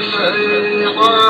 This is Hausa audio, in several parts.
الشيطان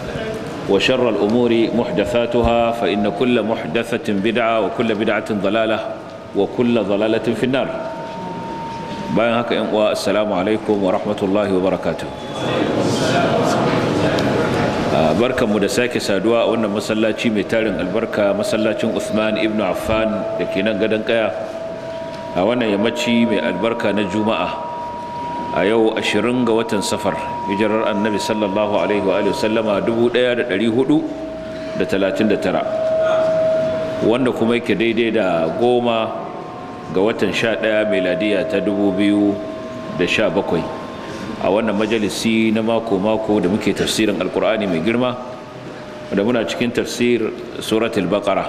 وشر الأمور محدثاتها فإن كل محدثة بدعة وكل بدعة ضلالة وكل ضلالة في النار باين هكا السلام عليكم ورحمة الله وبركاته barkan mu da sake saduwa a wannan masallaci mai tarin albarka masallacin Uthman ibnu Affan da ke nan gadon kaya a wannan yammaci mai albarka na Juma'a a yau 20 ga watan safar hijirar annabi sallallahu alaihi wa da tara wanda kuma yake daidai da goma ga watan sha mai meladiya ta dubu biyu da sha bakwai. a wannan majalisi na mako-mako da muke tafsirin alkur'ani mai girma da muna cikin tafsir suratul baqara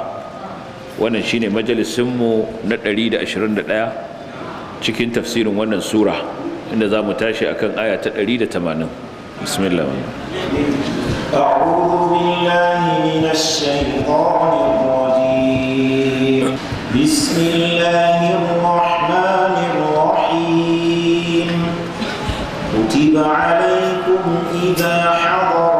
wannan shine majalisinmu na da 121 cikin tafsirin wannan sura inda za mu tashi akan aya ta 180 bismillah أعوذ بالله من الشيطان الرجيم بسم الله الرحمن الرحيم كتب عليكم إذا حضر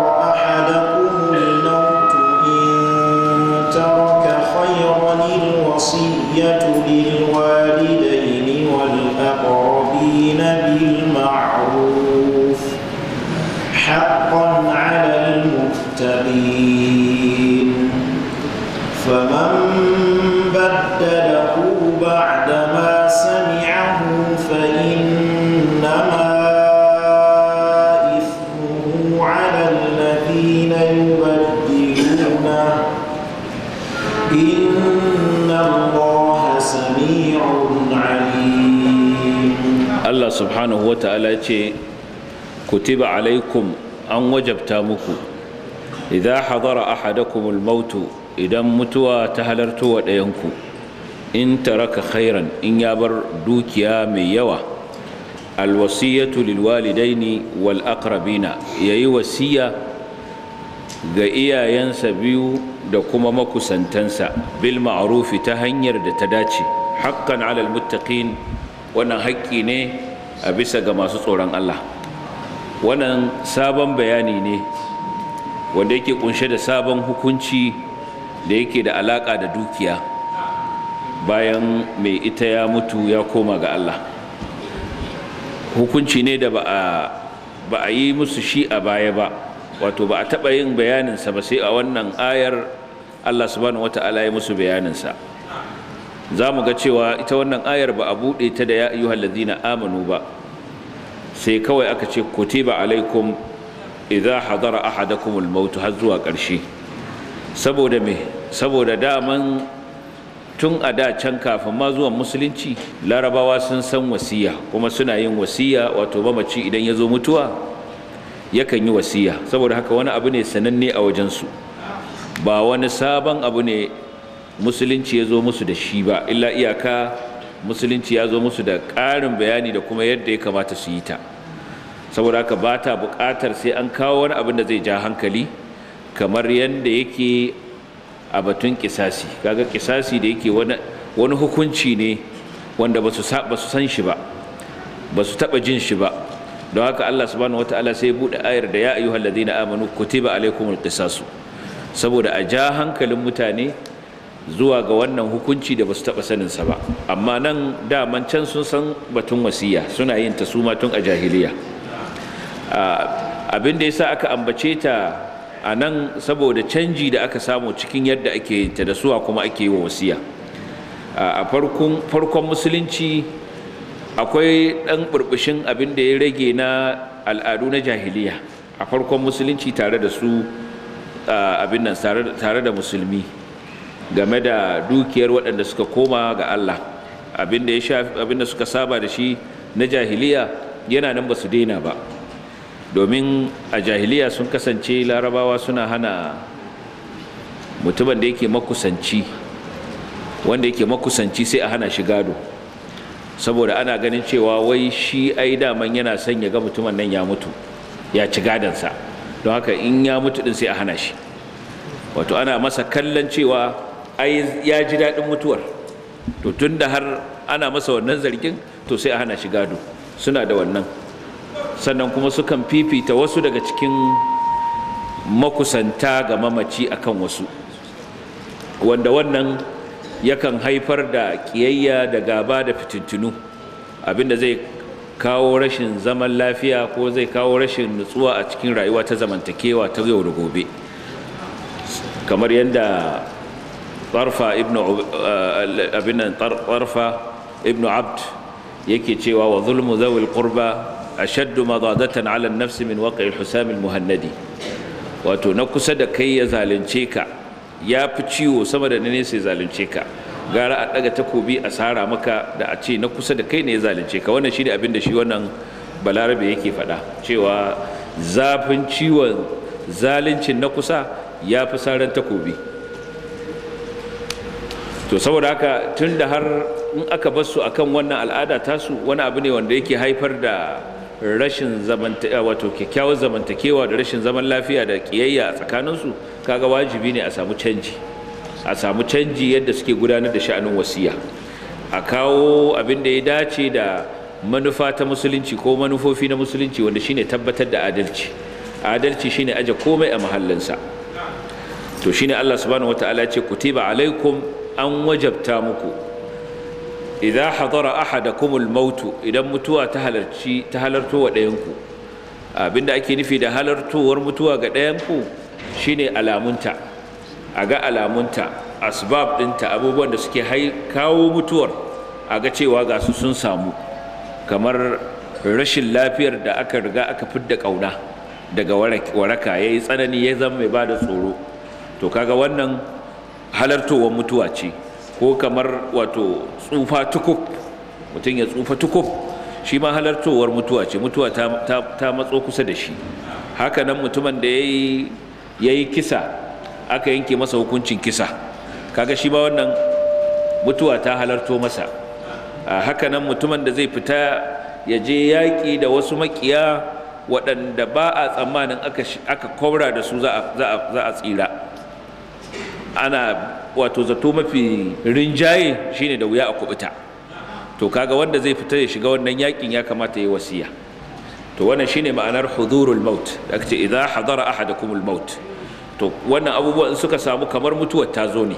ta'ala ce kutiba alaikum an wajabta muku idan hadara ahadakumul mautu idan mutuwa ta halarto wa ɗayanku in taraka khairan in ya bar dukiya mai yawa alwasiyatu lilwalidaini wal aqrabina yayi wasiya ga iyayensa biyu da kuma makusantansa bil ma'rufi ta hanyar da ta dace haqqan alal muttaqin wannan haƙƙi ne a bisa ga masu tsoron Allah wannan sabon bayani ne wanda yake kunshe da sabon hukunci da yake da alaka da dukiya bayan mai ita ya mutu ya koma ga Allah hukunci ne da ba a yi musu shi a baya ba wato ba a taɓa yin bayaninsa ba sai a wannan ayar allah subhanahu ala ya musu bayaninsa za mu ga cewa ita wannan ayar ba a buɗe ta da ya ayyuhal na amanu ba sai kawai aka ce kutiba alaikum idan hadara ahadakumul maut har zuwa ƙarshe saboda me saboda daman tun a da can kafin ma zuwan musulunci larabawa sun san wasiya kuma suna yin wasiya wato mamaci idan ya zo mutuwa yakan yi wasiya saboda haka wani abu ne sananne a wajensu ba wani sabon abu ne musulunci ya zo musu da shi ba illa iyaka musulunci ya zo musu da ƙarin bayani da kuma yadda ya kamata su yi ta saboda haka ba ta buƙatar sai an kawo wani abin da zai ja hankali kamar yadda yake a batun kisasi kaga kisasi da yake wani hukunci ne wanda ba su san shi ba ba su taɓa jin shi ba don haka Allah subhanahu ta'ala sai buɗe ayar da ya ayyuhal ladina amanu kutiba alaikumul qisasu saboda a ja hankalin mutane zuwa ga wannan hukunci da ba su taɓa saninsa ba amma nan daman can sun san batun wasiya suna yin ta suma tun a jahiliya abin da ya sa aka ambace ta a nan saboda canji da aka samu cikin yadda ake ta da suwa kuma ake yi wa wasiya a farkon musulunci akwai ɗan ɓurɓushin abin da ya rage na al'adu na jahiliya a farkon musulunci tare da su abin nan tare da musulmi game da dukiyar waɗanda suka koma ga Allah abin da suka saba da shi na jahiliya yana nan ba su daina ba domin a jahiliya sun kasance larabawa suna hana mutumin da yake makusanci wanda yake makusanci sai a hana shi gado saboda ana ganin cewa wai shi ai daman yana son ya ga mutumin nan ya mutu ya ci gadansa don haka in ya mutu din sai a hana shi wato ana masa kallon cewa ai ya ji daɗin mutuwar to tun da har ana masa wannan zargin to sai a hana shi gado suna da wannan sannan kuma sukan fifita wasu daga cikin makusanta ga mamaci a kan wasu wanda wannan yakan haifar da ƙiyayya da gaba da fitintunu abinda zai kawo rashin zaman lafiya ko zai kawo rashin nutsuwa a cikin rayuwa ta zamantakewa ta yau da gobe kamar yadda tarfa ibnu eh, abinan tarfa ibnu abd yake cewa wa zulmu zawil qurba ashaddu madadatan ala an-nafs min waqi al-husam muhannadi wato na kusa da kai ya zalunce ka ya fi ciwo sama da ne sai zalunce ka gara a ɗaga takobi a sara maka da a ce na kusa da kai ne ya zalunce ka wannan shi ne abin da shi wannan balarabe yake faɗa cewa zafin ciwon zaluncin na kusa ya fi saran takobi to saboda haka tun da har in aka bar su akan wannan al'ada tasu wani abu ne wanda yake haifar da rashin zamanta eh, wato kyakkyawar zamantakewa da rashin zaman lafiya da kiyayya a tsakaninsu kaga wajibi ne a samu canji a samu canji yadda suke gudanar da sha'anin wasiya a kawo abin da ya dace da manufa ta musulunci ko manufofi na musulunci wanda shine tabbatar da adalci adalci shine aje komai a mahallinsa to shine Allah subhanahu wataala ya ce kutiba alaikum an wajabta muku idan hadara kumul mautu idan mutuwa ta halarci ta halarto wa ɗayanku abinda ake nufi da halartowar mutuwa ga ɗayanku shine alamunta a ga alamunta asbab ɗinta abubuwan da suke kawo mutuwar a ga cewa ga su sun samu kamar rashin lafiyar da aka riga aka fidda ƙauna daga waraka ya yi tsanani ya zama mai bada tsoro to kaga wannan halartowar mutuwa ce ko kamar wato tsufa tukuf mutum ya tsufa tukuf shi ma halartowar mutuwa ce mutuwa ta, matso kusa da shi hakanan mutumin da ya yi kisa aka yanke masa hukuncin kisa kaga shi ma wannan mutuwa ta halarto masa hakanan mutumin da zai fita ya je yaƙi da wasu makiya waɗanda ba a tsammanin aka kwabra da su za a tsira ana wato zato mafi rinjaye shine da wuya a kubuta to kaga wanda zai fita ya shiga wannan yakin ya kamata ya wasiya to wannan shine ma'anar huzurul maut da ce idza hadara ahadakumul maut to wannan abubuwan suka samu kamar mutuwar ta zo ne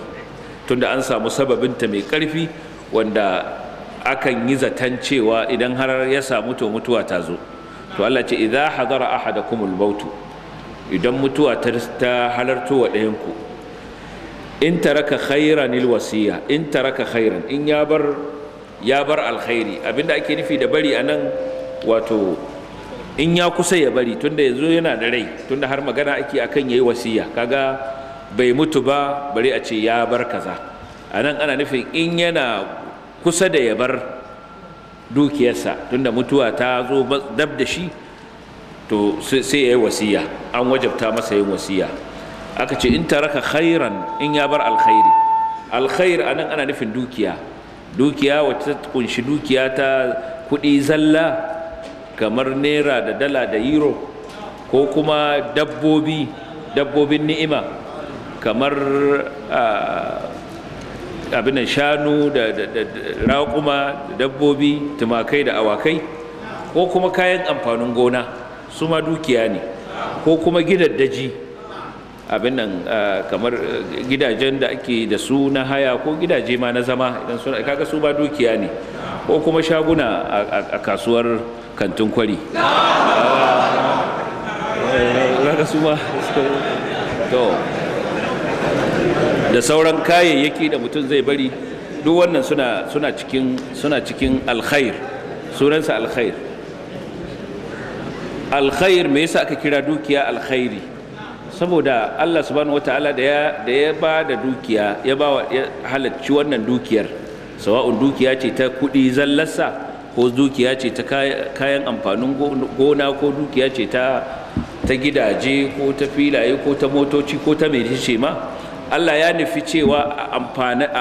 tunda an samu sababin ta mai karfi wanda akan yi zaton cewa idan har ya samu to mutuwa ta zo to Allah ce idza hadara ahadakumul maut idan mutuwa ta halarto wa ɗayan ku in taraka khairan wasiya in taraka khairan in ya bar ya bar alkhairi abinda ake nufi da bari anan wato in ya kusa ya bari tunda yanzu yana da rai tunda har magana ake akan yayi wasiya kaga bai mutu ba bari a ce ya bar kaza anan ana nufin in yana kusa da ya bar dukiyarsa tunda mutuwa ta zo dab da shi to sai ya yi wasiya an wajabta masa yin wasiya aka ce in taraka khairan in ya bar alkhairi alkhair anan ana nufin dukiya dukiya wacce ta kunshi dukiya ta kuɗi zalla kamar naira da dala da euro ko kuma dabbobi dabbobin ni'ima kamar abin shanu da raƙuma da dabbobi tumakai da awakai ko kuma kayan amfanin gona su ma dukiya ne ko kuma gidaddaji daji abin nan eh, kamar gidajen da ake da su na haya ko gidaje ma na zama idan suna kaga su ba dukiya ne ko kuma shaguna a kasuwar kantin kwari ah, eh, da sauran kayayyaki da mutum zai bari duk wannan suna suna cikin suna cikin alkhair sunansa alkhair alkhair me yasa aka kira dukiya alkhairi saboda Allah subhanahu wataala da ya da ya ba da dukiya ya ba halacci wannan dukiyar sawa'un dukiya ce ta kudi zallarsa ko dukiya ce ta kayan amfanin gona ko dukiya ce ta ta gidaje ko ta filaye ko ta motoci ko ta mecece ma Allah ya nufi cewa a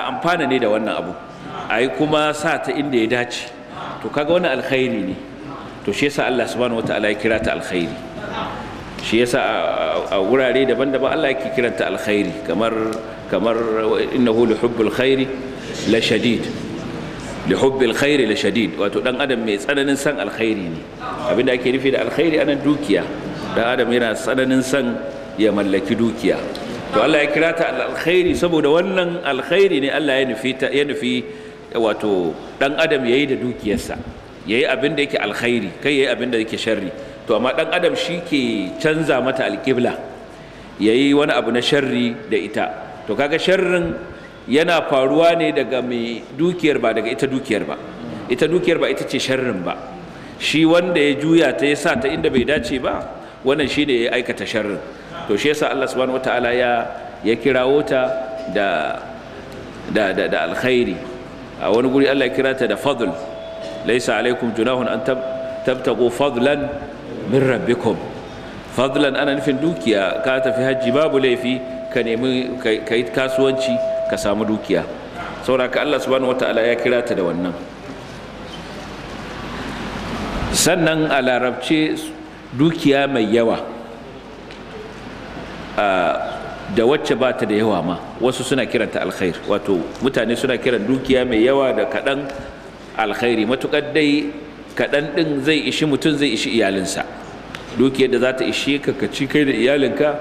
amfana ne da wannan abu a yi kuma sa ta inda ya dace to kaga wani alkhairi ne to shi yasa Allah subhanahu wataala ya kira ta alkhairi shi yasa a wurare daban-daban Allah yake kiranta alkhairi kamar kamar innahu li hubbul khairi la shadid li khairi la shadid wato dan adam mai tsananin san alkhairi ne abinda ake nufi da alkhairi anan dukiya dan adam yana tsananin san ya mallaki dukiya to Allah ya kira ta alkhairi saboda wannan alkhairi ne Allah ya nufi ya nufi wato dan adam yayi da dukiyarsa yayi abin da yake alkhairi kai yayi abin da yake sharri to amma ɗan adam shi ke canza mata alƙibla ya yi wani abu na sharri da ita to kaga sharrin yana faruwa ne daga mai dukiyar ba daga ita dukiyar ba ita dukiyar ba ita ce sharrin ba shi wanda ya juya ta ya sa ta inda bai dace ba wannan shi ne ya aikata sharrin to shi yasa Allah subhanahu wataala ya ya kirawo ta da da da, da alkhairi a wani guri Allah ya kira ta da fadl laysa alaikum junahun an tabtagu fadlan min rabbikum fadlan ana nufin dukiya ka tafi hajji babu laifi ka nemi ka yi kasuwanci ka samu dukiya saboda Allah subhanahu ta'ala ya kira ta da wannan sannan a larabce dukiya mai yawa da wacce ba ta da yawa ma wasu suna kiranta alkhair wato mutane suna kiran dukiya mai yawa da kaɗan alkhairi matuƙar dai kaɗan ɗin zai ishi mutum zai ishi iyalinsa dukiyar da za ta ishe ka ka ci kai da iyalinka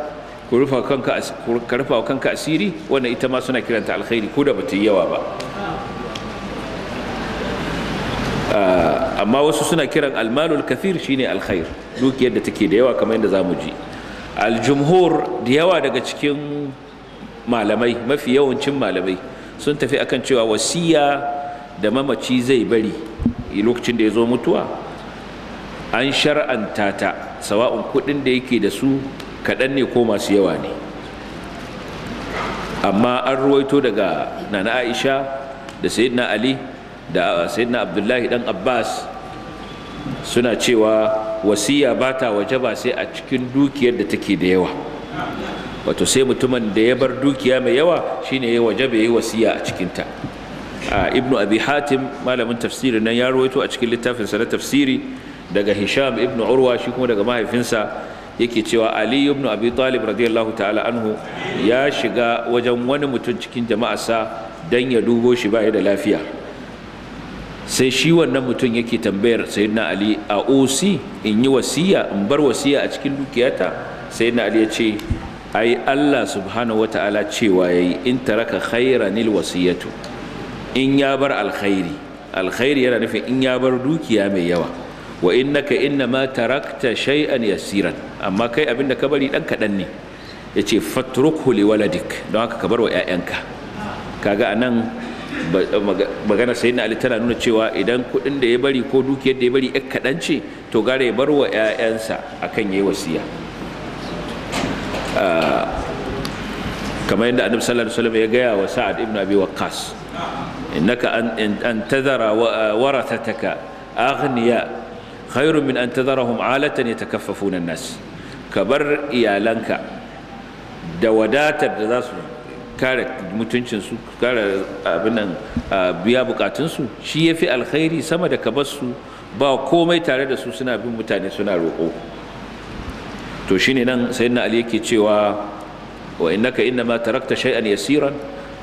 ku rufa wa kanka asiri wannan ita ma suna kiranta alkhairi ko da bata yi yawa ba ah, amma wasu suna kiran almalul kafir shine alkhair dukiyar da take da yawa kamar yadda zamu ji aljumhur da yawa daga cikin malamai mafi yawancin malamai sun tafi akan cewa wasiya da mamaci zai bari lokacin da ya zo mutuwa an shar'anta ta sawa'un kuɗin da yake da su kaɗan ne ko masu yawa ne amma an ruwaito daga nana aisha da sayyidina ali da uh, sayyidina abdullahi dan abbas suna cewa wasiya ba ta waje ba sai a cikin dukiyar da take da yawa wato sai mutumin da ya bar dukiya mai yawa shine ya ba ya yi wasiya a cikinta ibnu abi hatim malamin tafsiri nan ya rawaito a cikin littafin sa na tafsiri daga hisham ibnu urwa shi kuma daga mahaifinsa yake cewa ali ibnu abi talib radiyallahu ta'ala anhu ya shiga wajen wani mutum cikin jama'arsa dan ya dubo shi ba da lafiya sai shi wannan mutum yake tambayar sayyidina ali a osi in yi wasiya in bar wasiya a cikin dukiyata sayyidina ali ya ce ai Allah subhanahu wata'ala cewa yayi in taraka khairanil wasiyatu in ya bar alkhairi alkhairi yana nufin in ya bar dukiya mai yawa wa innaka inna ma tarakta shay'an yasiran amma kai abin da ka bari dan kadan ne yace fatrukhu li waladik don haka ka bar wa ƴaƴanka kaga anan magana sayyidina ali tana nuna cewa idan kuɗin da ya bari ko dukiyar da ya bari ƴan kadan ce to gare ya bar wa ƴaƴansa akan yayi wasiya ah, kamar yadda annabi sallallahu alaihi wasallam ya gaya wa sa'ad ibnu abi waqqas إنك أن تذر ورثتك أغنياء خير من أن تذرهم عالة يتكففون الناس كبر da دوادات الدراس kare mutuncinsu kare abinan biya bukatunsu shi ya fi alkhairi sama da kabarsu ba komai tare da su suna bin mutane suna roƙo to shine nan sayyidina ali yake cewa wa innaka inna ma tarakta shay'an yasiran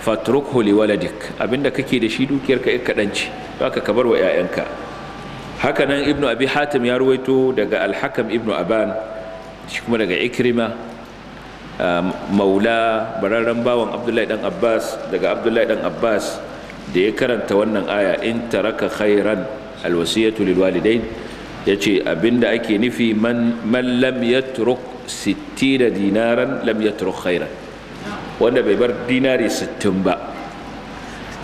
fatrukhu liwaladik abinda kake da shi dukiyarka ka kadanci baka kabar wa 'yayanka haka nan ibnu abi hatim ya ruwaito daga al-hakam ibnu aban shi kuma daga ikrima maula bararren bawan abdullahi dan abbas daga abdullahi dan abbas da ya karanta wannan aya in taraka khairan alwasiyatu lilwalidain yace abinda ake nufi man man lam yatruk 60 dinaran lam yatruk khairan wanda bai bar dinari 60 ba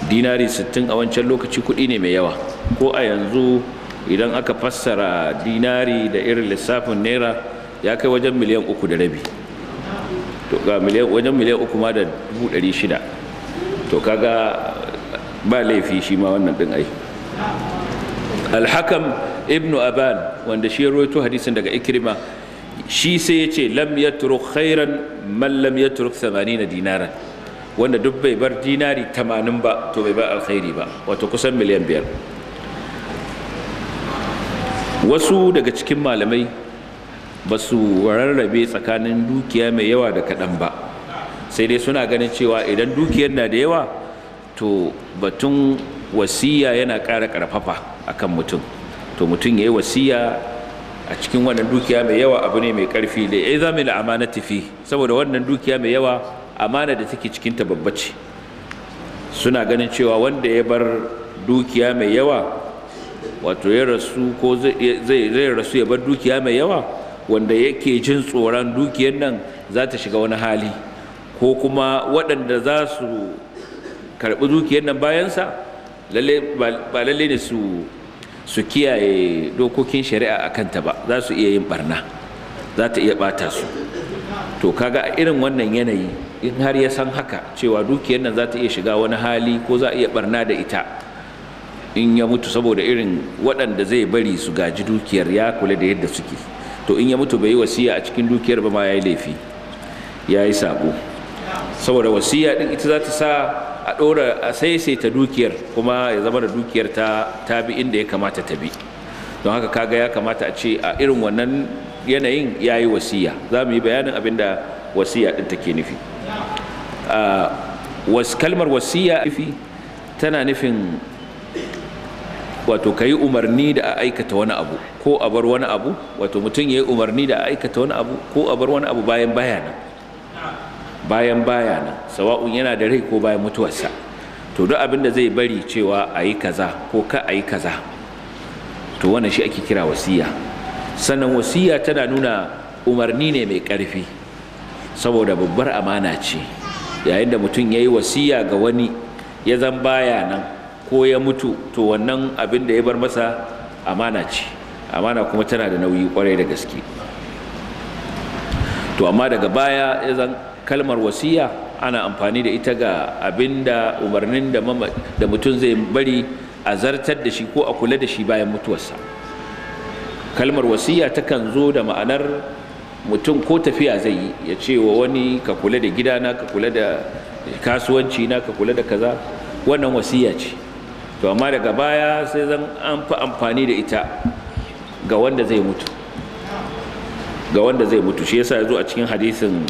dinari 60 a wancan lokaci kuɗi ne mai yawa ko a yanzu idan aka fassara dinari da irin lissafin naira ya kai wajen miliyan uku da rabi to ga wajen miliyan uku ma da dubu ɗari shida to kaga ba laifi shi ma wannan ɗin ai alhakam ibnu aban wanda shi ya rawaito hadisin daga ikrima shi sai ya ce lam turu khairan man lam samani na dinaran wanda duk bai bar dinari tamanin ba to bai bar alkhairi ba wato kusan miliyan biyar wasu daga cikin malamai ba su rarrabe tsakanin dukiya mai yawa da kaɗan ba sai dai suna ganin cewa idan dukiyar na da yawa to batun wasiya yana ƙara ƙarfafa akan mutum to mutum ya yi wasiya a cikin wannan dukiya mai yawa abu ne mai karfi da ya zama da amana tafi saboda wannan dukiya mai yawa amana da take cikin ta ce, suna ganin cewa wanda ya bar dukiya mai yawa wato ya rasu ko zai rasu ya bar dukiya mai yawa wanda yake jin tsoron dukiyar nan za ta shiga wani hali ko kuma waɗanda za su karɓi dukiyar nan bayansa ba lalle ne su su kiyaye dokokin shari'a a kanta ba za su iya yin barna za ta iya bata su to kaga a irin wannan yanayi in har ya san haka cewa dukiyar nan za ta iya shiga wani hali ko za a iya barna da ita in ya mutu saboda irin waɗanda zai bari su gaji dukiyar ya kula da yadda suke to in ya mutu bai yi wasiya a cikin dukiyar ba ma ya yi laifi ya yi sabo saboda wasiya ɗin ita za ta sa a ɗora a saisaita dukiyar kuma ya zama da dukiyar ta bi inda ya kamata ta bi don haka kaga ya kamata a ce a irin wannan yanayin ya yi wasiya za mu yi bayanin abin da wasiya ɗin take nufi kalmar wasiya nufi tana nufin wato ka yi umarni da a aikata wani abu ko a bar wani abu wato mutum ya yi umarni da a aikata wani abu ko a bar wani abu bayan bayana bayan baya nan sawa'un yana da rai ko bayan mutuwarsa to duk abin da zai bari cewa a yi kaza ko ka a yi kaza to wannan shi ake kira wasiya sannan wasiya tana nuna umarni ne mai ƙarfi saboda babbar amana ce yayin da mutum ya yi wasiya ga wani ya zan baya nan ko ya mutu to wannan abin da ya bar masa amana ce amana kuma tana da nauyi kwarai da gaske to amma daga baya ya zan kalmar wasiya ana amfani da ita ga abinda umarnin da mutum zai bari a zartar da shi ko a kula da shi bayan mutuwarsa kalmar wasiya takan zo da ma'anar mutum ko tafiya zai yi ya ce wa wani ka kula da gidana ka kula da kasuwanci na ka kula da kaza wannan wasiya ce to amma daga baya sai zan an fi amfani da ita ga wanda zai mutu ga wanda zai mutu shi yasa ya zo a cikin hadisin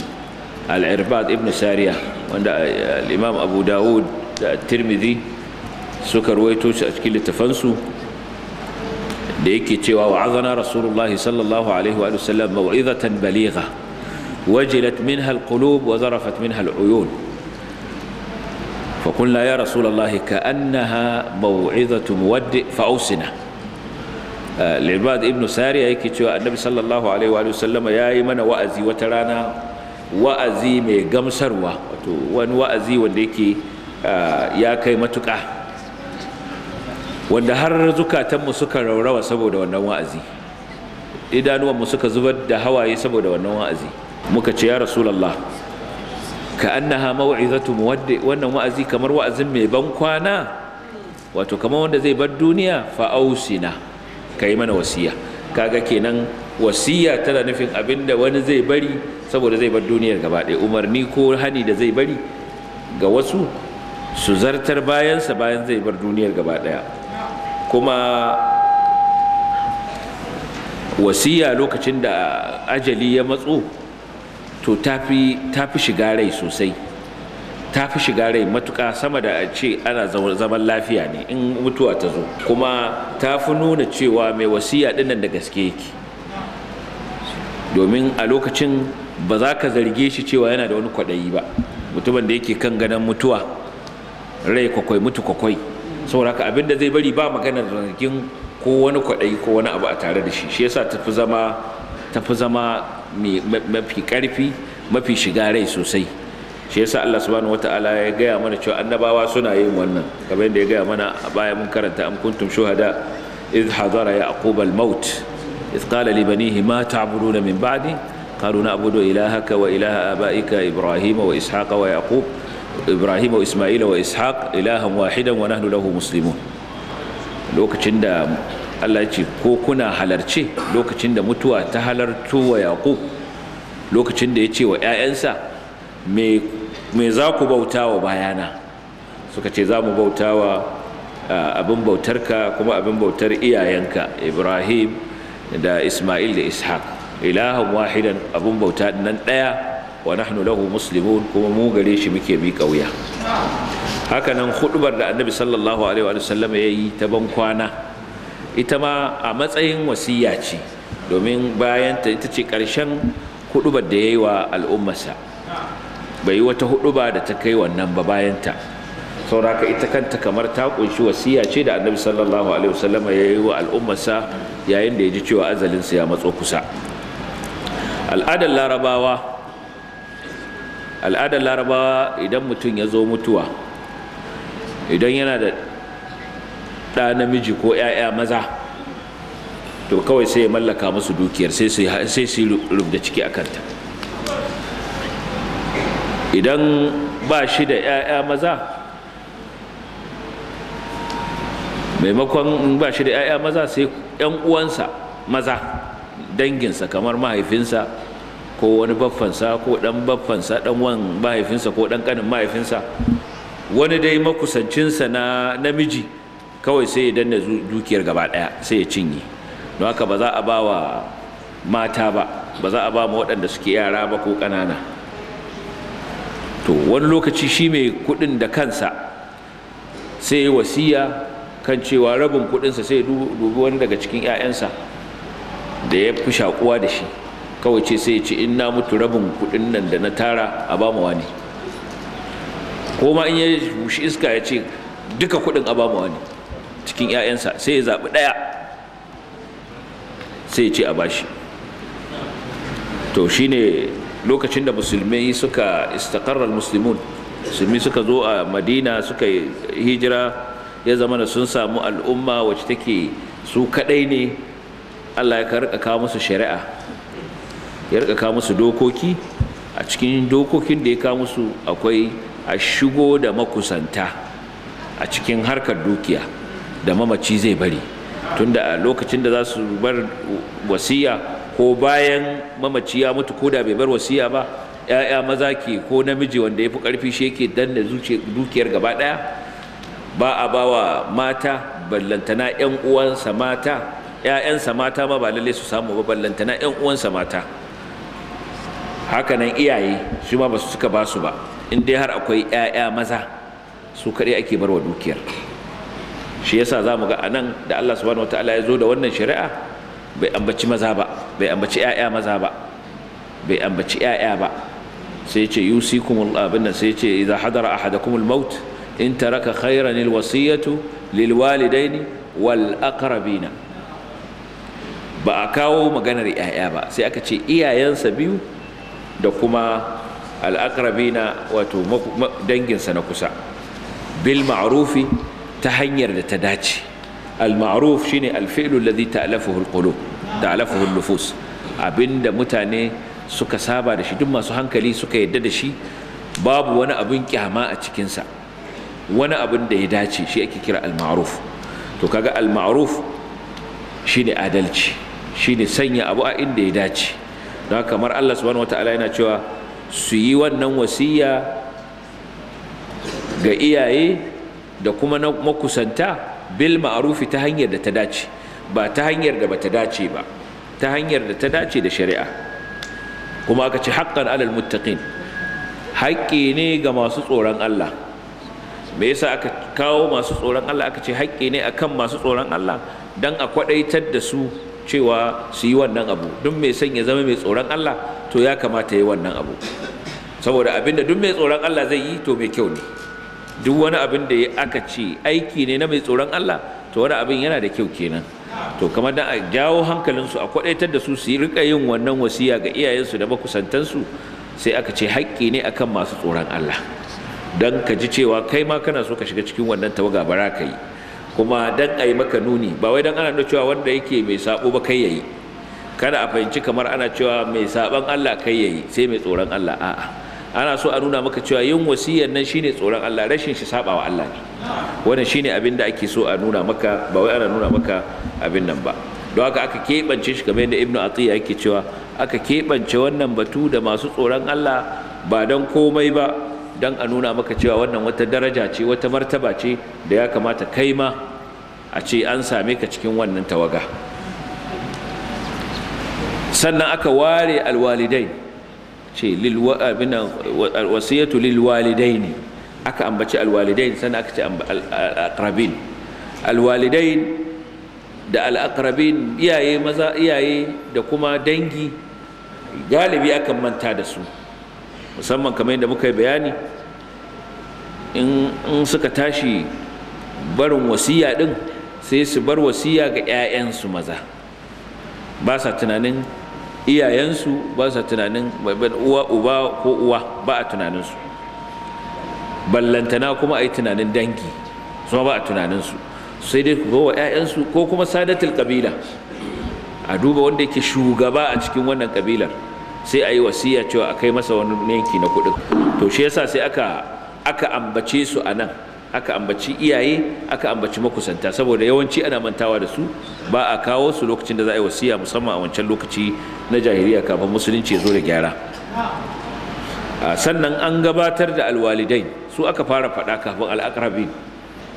al-irbad ibn sariya wanda al-imam eh, abu dawud da tirmidhi suka ruwaito shi a cikin littafansu da yake cewa wa'azana rasulullah sallallahu alaihi wa sallam maw'izatan baligha wajilat minha al-qulub wa zarafat minha al-uyun فقلنا يا رسول الله كأنها موعظة مودع فأوصنا العباد ابن ساري يكي النبي صلى الله عليه وآله وسلم يا إيمان وأزي وترانا wa'azi mai gamsarwa wato wani wa'azi wanda yake ah, ya kai matuƙa wanda har zukatanmu suka raurawa saboda wannan wa'azi idanuwanmu suka zubar da hawaye saboda wannan wa'azi muka ce ya rasulallah ka annaha mau'izatu muwaddi wannan wa'azi kamar wa'azin mai ban kwana wato kamar wanda zai bar duniya fa ausina kai mana wasiya kaga kenan wasiya tana nufin abin da wani zai bari saboda zai bar duniyar gaba ɗaya umarni ko hani da zai bari ga wasu su zartar bayansa bayan zai bar duniyar gaba ɗaya kuma wasiya lokacin da ajali ya matso to ta fi shiga rai sosai ta fi shiga rai matuƙa sama da a ce ana zaman lafiya ne in mutuwa ta zo kuma ta fi nuna cewa mai wasiya ɗinnan da gaske yake domin a lokacin ba za ka zarge shi cewa yana da wani kwaɗayi ba mutumin da yake kan ganin mutuwa rai kwakwai mutu kwakwai saboda haka abin da zai bari ba maganar zargin ko wani kwaɗayi ko wani abu a tare da shi shi yasa tafi zama tafi zama mafi ƙarfi mafi shiga rai sosai shi yasa Allah subhanahu wata'ala ya gaya mana cewa annabawa suna yin wannan kamar yadda ya gaya mana a baya mun karanta am kuntum shuhada idh hadara yaqub al-maut إذ قال لبنيه ما تعبدون من بعدي قالوا نعبد إلهك وإله آبائك إبراهيم وإسحاق ويعقوب إبراهيم وإسماعيل وإسحاق إلها واحدا ونحن له مسلمون lokacin da Allah ya ce ko kuna halarce lokacin da mutuwa ta halartu wa Yaqub lokacin da ya ce wa ‘ya'yansa me za ku bauta wa bayana suka ce za mu bauta wa abin bautarka kuma abin bautar iyayenka Ibrahim da Isma'il da Ishaq ilahan wahidan abun bauta nan daya wa nahnu lahu muslimun kuma mu gare shi muke bi kauya haka nan hudubar da Annabi sallallahu alaihi wa sallam yayi ta ban kwana ita ma a matsayin wasiya ce domin bayan ta ita ce karshen hudubar da yayi wa al'ummarsa bai yi wata huɗuba da ta kai wannan ba bayan ta sauraka ita kanta kamar ta kunshi wasiya ce da annabi sallallahu alaihi wasallama ya yi wa al'ummarsa yayin da ya ji cewa azalinsa ya matso kusa al'adar larabawa al'adar larabawa idan mutum ya zo mutuwa idan yana da ɗa namiji ko 'ya'ya maza to kawai sai ya mallaka musu dukiyar sai su yi rubda ciki a kanta idan ba shi da 'ya'ya maza maimakon ba shi da 'ya'ya maza sai 'yan uwansa maza danginsa kamar mahaifinsa ko wani baffansa ko dan baffansa dan wan mahaifinsa ko dan kanin mahaifinsa wani dai makusancinsa na namiji kawai sai ya danna dukiyar gaba daya sai ya cinye don haka ba za a ba wa mata ba ba za a ba ma waɗanda suke yara ba ko ƙanana to wani lokaci shi mai kuɗin da kansa sai wasiya kan cewa rabin kuɗinsa sai dubi wani daga cikin 'ya'yansa da ya fi shakuwa da shi kawai ce sai ce in na mutu rabin kuɗin nan da na tara a ba wani ko ma in ya bushi iska ya ce duka kuɗin a ba wani cikin 'ya'yansa sai ya zaɓi ɗaya sai ya ce a ba shi. to shi ne lokacin da musulmi suka istakarar musulmi suka zo a madina suka hijira ya zama da sun samu al'umma wacce take su kadai ne Allah ya karka kawo musu shari'a ya rika kawo musu dokoki a cikin dokokin da ya kawo musu akwai a shigo da makusanta a cikin harkar dukiya da mamaci zai bari tunda a lokacin da za su bar wasiya ko bayan mamaci ya mutu ko da bai bar wasiya ba 'ya'ya maza ke ko namiji wanda ya fi karfi shi yake danna dukiyar gaba ɗaya ba a bawa mata ballantana yan uwansa mata ‘ya'yansa mata ma ba lalle su samu ba ballantana ‘yan uwansa mata hakanan iyaye su ma ba su suka ba su ba in dai har akwai ‘ya'ya maza su kare ake barwa dukiyar shi yasa za mu ga a nan da allah subhanahu wa ta'ala ya zo da wannan shari'a bai ambaci maza ba bai ambaci ‘ya'ya maza ba bai ambaci ‘ya'ya ba sai ce yusikum abin nan sai ce idza hadara ahadakum maut in taraka khairan alwasiyatu lilwalidaini wal aqrabina ba a kawo maganar yaya ba sai aka ce iyayensa biyu da kuma al wato danginsa na kusa bil ma'rufi ta hanyar da ta dace al ma'ruf shine alfi'ilu fi'lu ta ta'lafuhu al nufus abinda mutane suka saba da shi duk masu hankali suka yadda da shi babu wani abin kyama a cikinsa wani abin da ya dace shi ake kira al-ma'ruf to kaga al-ma'ruf shine adalci shine sanya abu a inda ya dace don kamar Allah subhanahu wata'ala yana cewa su yi wannan wasiya ga iyaye da kuma na makusanta bil ma'rufi ta hanyar da ta dace ba ta hanyar da bata dace ba ta hanyar da ta dace da shari'a kuma aka ce haƙƙan alal muttaqin haƙƙi ne ga masu tsoron Allah me yasa aka kawo masu tsoron Allah aka ce haƙƙi ne akan masu tsoron Allah dan a kwadaitar da su cewa su yi wannan abu duk mai son ya zama mai tsoron Allah to ya kamata ya yi wannan abu saboda abinda duk mai tsoron Allah zai yi to mai kyau ne duk wani abin da aka ce aiki ne na mai tsoron Allah to wani abin yana da kyau kenan to kamar dan a jawo su a kwadaitar da su su yi rika yin wannan wasiya ga iyayensu da makusantansu sai aka ce haƙƙi ne akan masu tsoron Allah don ka ji cewa kai ma kana so ka shiga cikin wannan tawaga bara ka yi kuma don a yi maka nuni ba wai don ana da cewa wanda yake mai sabo ba kai yayi kada a fahimci kamar ana cewa mai saban Allah kai yayi sai mai tsoron Allah a'a ana so a nuna maka cewa yin wasiyyar nan shine tsoron Allah rashin shi sabawa Allah ne wannan shine abin da ake so a nuna maka ba wai ana nuna maka abin nan ba don haka aka keɓance shi kamar yadda ibnu atiya yake cewa aka keɓance wannan batu da masu tsoron allah ba don komai ba don a nuna maka cewa wannan wata daraja ce wata martaba ce da ya kamata kai ma a ce an same ka cikin wannan tawaga sannan aka ware alwalidai ce wasiyatu lilwalidai ne aka ambaci alwalidai sannan aka ce al'akrabin alwalidai da al'akrabin iyaye maza iyaye da kuma dangi galibi akan manta da su musamman kamar yadda muka yi bayani in suka tashi barin wasiya din sai su bar wasiya ga 'ya'yansu maza ba sa tunanin iyayensu ba sa tunanin uwa uba ko uwa ba a tunaninsu ballantana kuma a tunanin dangi su ba a tunaninsu sai dai ku wa 'ya'yansu ko kuma sadatul kabila a duba wanda yake shugaba a cikin wannan kabilar sai a yi wasiya cewa a kai masa wani yanki na kuɗin to shi yasa sai aka aka ambace su a nan aka ambaci iyaye aka ambaci makusanta saboda yawanci ana mantawa da su ba a kawo su lokacin da za a yi wasiya musamman a wancan lokaci na jahiliya kafin musulunci ya zo da gyara sannan an gabatar da alwalidai su aka fara faɗa kafin al'akrabi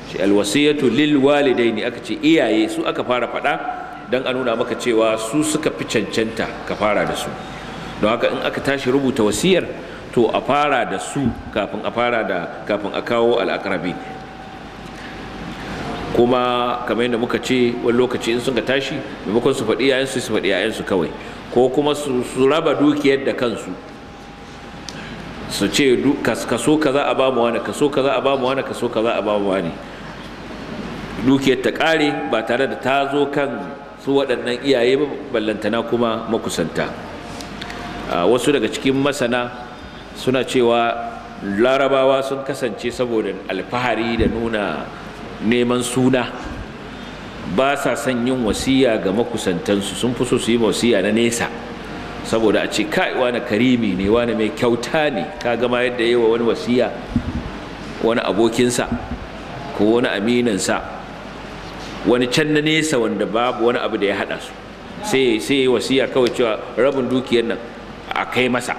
shi alwasiyatu lil walidai ne aka ce iyaye su aka fara faɗa don a nuna maka cewa su suka fi cancanta ka fara da su don haka in aka tashi rubuta wasiyar to a fara da su kafin a fara da kafin a kawo al'akarabi kuma kamar yadda muka ce wani lokaci in suka tashi maimakon su faɗi yayansu su faɗi yayansu kawai ko kuma su raba dukiyar da kansu su ce kaso za a bamu wani kaso za a mu wani kaso za a bamu wani dukiyar ta ƙare ba tare da ta zo kan su waɗannan iyaye ballantana kuma makusanta wasu daga cikin masana suna cewa larabawa sun kasance saboda alfahari da nuna neman suna ba sa son yin wasiya ga makusantansu sun fi so su yi wasiya na nesa saboda a ce kai wani karimi ne wani mai kyauta ne ka gama yadda yi wa wani wasiya wani abokinsa ko wani aminansa wani can na nesa wanda babu wani abu da ya haɗa su sai sai wasiya kawai cewa rabin dukiyar nan a kai masa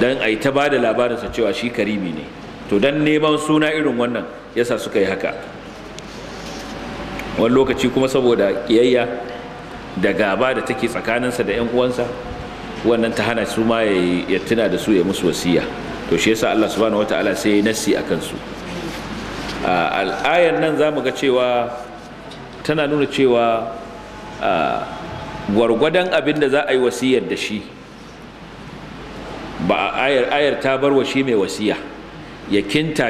don a yi ta ba da labarinsa cewa shi karimi ne to don neman suna irin wannan yasa suka yi haka wani lokaci kuma saboda kiyayya da gaba da take tsakaninsa da 'yan uwansa wannan ta hana su ma ya tuna da su ya musu wasiya to shi yasa Allah subhanahu ta'ala sai ya nasi a kansu al'ayan nan za mu ga cewa tana nuna cewa gwargwadon abin da za a yi wasiyar da shi ba ayar ayar ta bar wa shi mai wasiya ya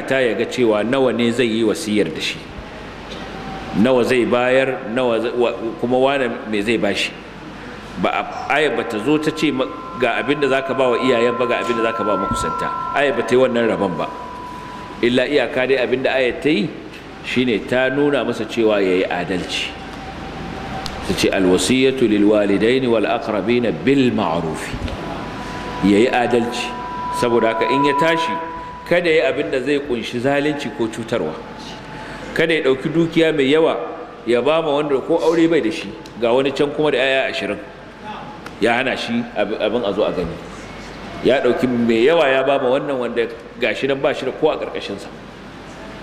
ta ya ga cewa nawa ne zai yi wasiyar da shi nawa zai bayar nawa kuma wane mai zai bashi ba ayar ba ta zo ta ce ga abin da za ka ba wa iyayen ba ga abin da za ka ba makusanta ayar ba ta yi wannan rabon ba illa iyaka dai abin da ayar ta yi shine ta nuna masa cewa ya yi adalci ta ce alwasiyatu lil walidaini wal aqrabina bil ma'rufi yayi adalci saboda haka in ya tashi kada ya abin da zai kunshi zalunci ko cutarwa kada ya ɗauki dukiya mai yawa ya ba ma wanda ko aure bai da shi ga wani can kuma da 'ya'ya ashirin ya hana shi abin a zo a gani ya ɗauki mai yawa ya ba ma wannan wanda gashi nan ba shi da ko a ƙarƙashinsa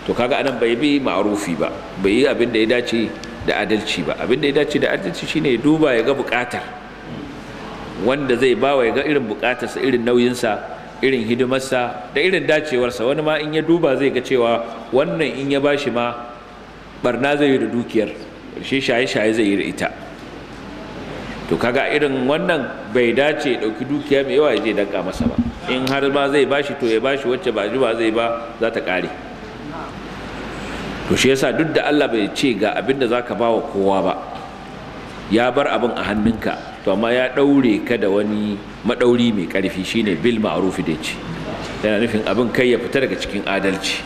to kaga anan bai bi ma'rufi ba bai yi abin da ya dace da adalci ba abin da ya dace da adalci shine ne duba ya ga buƙatar wanda zai ba wa ya ga irin buƙatarsa irin nauyinsa irin hidimarsa da irin dacewarsa wani ma in ya duba zai ga cewa wannan in ya bashi ma barna zai yi da dukiyar shi shaye-shaye zai yi da ita to kaga irin wannan bai dace ɗauki dukiya mai yawa ya je danka masa ba in har ma zai bashi to ya bashi wacce ba ji ba zai ba za ta kare. to shi yasa duk da Allah bai ce ga abin da zaka bawa kowa ba ya bar abin a hannunka to amma ya daure ka da wani madauri mai karfi shine bil ma'ruf da ce yana nufin abin kai ya fita daga cikin adalci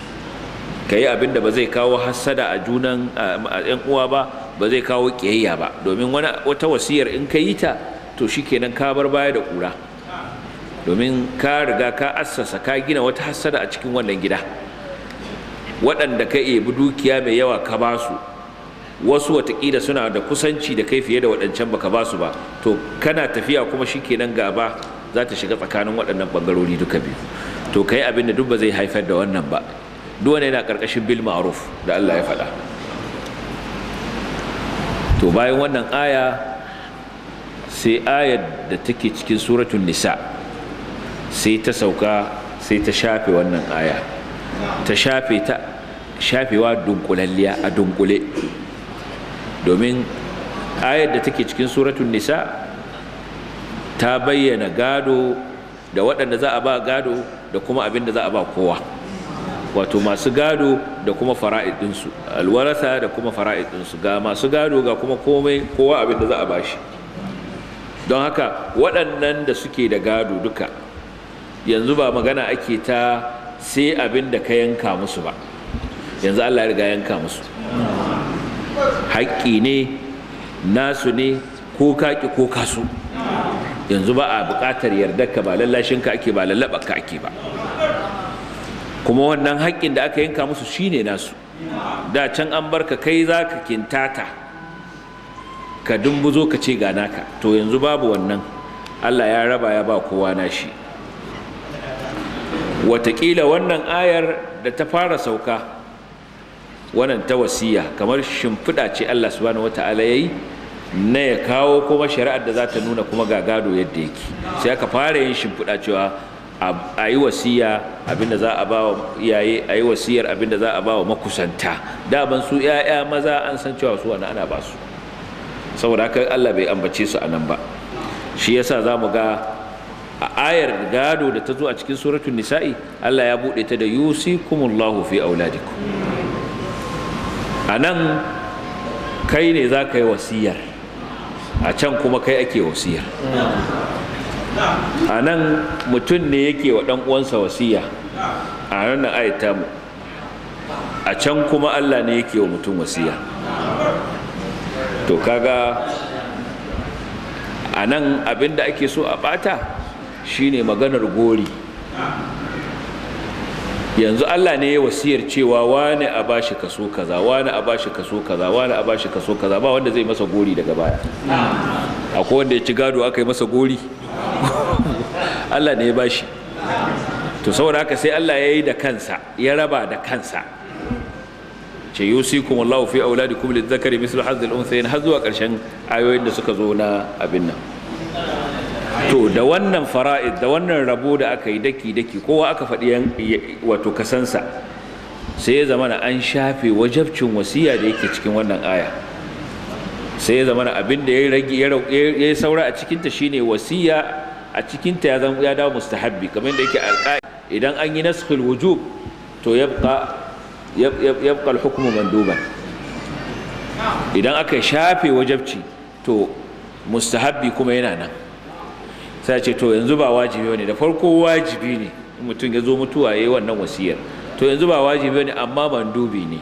ka yi abin da ba zai kawo hassada a junan yan uwa ba ba zai kawo kiyayya ba domin wani wata wasiyar in ka yi ta to shikenan ka bar baya da kura domin ka riga ka assasa ka gina wata hassada a cikin wannan gida waɗanda ka ebi dukiya mai yawa ka ba su wasu watakila suna da kusanci da kai fiye da waɗancan baka ba su ba to kana tafiya kuma shi kenan gaba za ta shiga tsakanin waɗannan bangarori duka biyu to kai abin da duk ba zai haifar da wannan ba duk yana karkashin bil ma'ruf da Allah ya faɗa to bayan wannan aya sai ayar da take cikin suratun nisa sai ta sauka sai ta shafe wannan aya ta shafe ta shafewa dunkulalliya a dunkule domin ayar da take cikin suratun nisa ta bayyana gado da waɗanda za a ba gado da kuma abin da za a ba kowa wato masu gado da kuma fara'idinsu alwarasa da kuma fara'idinsu ga masu gado ga kuma komai kowa abin da za a shi don haka waɗannan da suke da gado duka yanzu ba magana ake ta sai abin da ka yanka musu ba yanzu Allah ya riga yanka musu haƙƙi ne nasu ne ko kaki ko kasu yanzu ba a buƙatar yarda ka ba lallashinka ake ba ka ake ba kuma wannan haƙƙin da aka yanka musu shine nasu da can an barka kai za ka kintata ka dumbuzo ka ce ga naka to yanzu babu wannan Allah ya raba ya ba kowa nashi wataƙila wannan ayar da ta fara sauka wannan ta wasiya kamar shimfiɗa ce Allah subhanahu wata'ala yi na ya kawo kuma shari'ar da za ta nuna kuma ga gado yadda yake sai aka fara yin shimfiɗa cewa a yi wasiya abinda za a ba wa iyaye a yi wasiyar abinda za a ba wa makusanta ban su ya'ya maza an san cewa su wani ana ba su saboda haka Allah bai ambace su a nan ba shi yasa za mu ga a ayar gado da ta zo a cikin suratul nisa'i Allah ya buɗe ta da yusikumullahu fi auladikum a nan kai ne za ka yi wasiyar a can kuma kai ake wasiyar a nan mutum ne yake wa uwansa wasiya a nan aita mu a can kuma allah ne yake wa mutum wasiya to kaga a nan abinda ake so a ɓata shine maganar gori yanzu Allah ne ya wasiyar cewa wani a ba shi kaso kaza wani a ba shi kaso kaza wani a ba shi kaso kaza ba wanda zai masa gori daga baya akwai wanda ya ci gado aka yi masa gori Allah ne ya ba shi. to saboda haka sai Allah ya yi da kansa ya raba da kansa ce kuma Allah fi auladikum lidzakari mithlu hazzil unsayin har zuwa karshen ayoyin da suka zo na abin nan to da wannan fara'id da wannan rabo da aka yi daki-daki kowa aka faɗi wato kasansa sai ya zama na an shafe wajabcin wasiya da yake cikin wannan aya sai ya zama na abin da ya yi ya saura a cikinta shine wasiya a cikinta ya zama ya dawo mustahabbi kamar da yake alƙa'i idan an yi naskhul wujub to ya yabqa al-hukmu idan aka shafe wajabci to mustahabbi kuma yana nan sai ce to yanzu ba wajibi ne da farko wajibi ne mutum ya zo mutuwa ya yi wannan wasiyar to yanzu ba wajibi ne amma mandubi ne